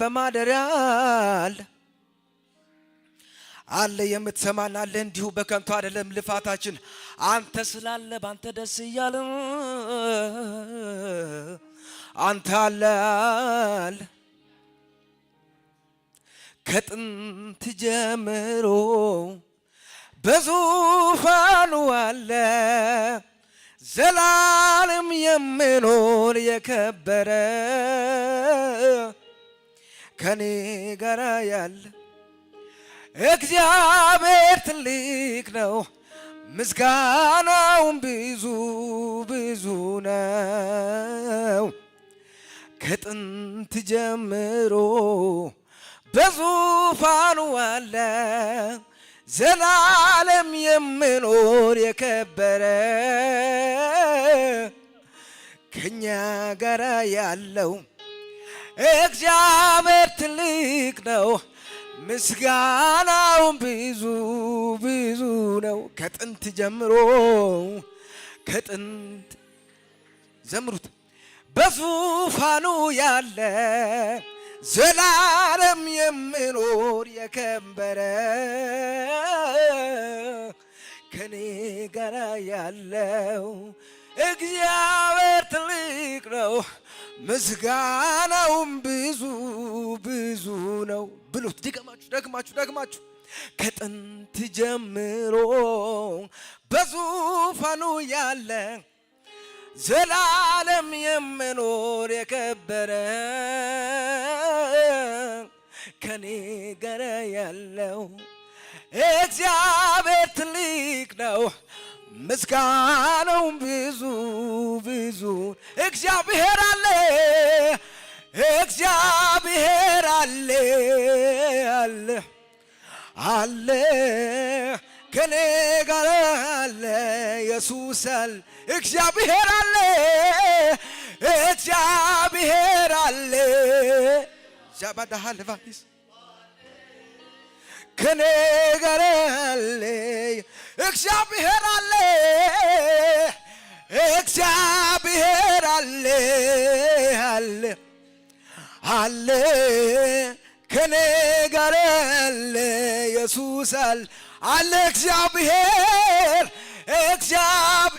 በማደሪያ አለ አለ የምትሰማን አለ። እንዲሁ በከንቱ አይደለም ልፋታችን። አንተ ስላለ ባንተ ደስ እያለን አንተ አለ አለ ከጥንት ጀምሮ በዙፋኑ አለ ዘላለም የምኖር የከበረ ከኔ ጋራ ያለ እግዚአብሔር ትልቅ ነው፣ ምስጋናውም ብዙ ብዙ ነው። ከጥንት ጀምሮ በዙፋኑ አለ ዘላለም የምኖር የከበረ ከኛ ጋር ያለው እግዚአብሔር ትልቅ ነው፣ ምስጋናውም ብዙ ብዙ ነው። ከጥንት ጀምሮ ከጥንት ዘምሩት በዙፋኑ ያለ ዘላለም የምኖር የከበረ ከኔ ጋራ ያለው እግዚአብሔር ትልቅ ነው፣ ምስጋናውም ብዙ ብዙ ነው ብሉት። ድገማችሁ ደግማችሁ ደግማችሁ ከጥንት ጀምሮ በዙፋኑ ያለ ዘላለም የምኖር የከበረ ከኔ ጋር ያለው እግዚአብሔር ትልቅ ነው። ምስጋናውም ብዙ ብዙ እግዚአብሔር አለ እግዚአብሔር አለ አለ አለ ከኔ ጋር አለ ኢየሱስ አለ እግዚአብሔር አለ እግዚአብሔር አለ ጃባዳሃ ልቫዲስ ከኔ ጋር አለ እግዚአብሔር አለ፣ እግዚአብሔር አለ አለ አለ ከኔ ጋር አለ ኢየሱስ አለ አለ እግዚአብሔር እግዚአብሔር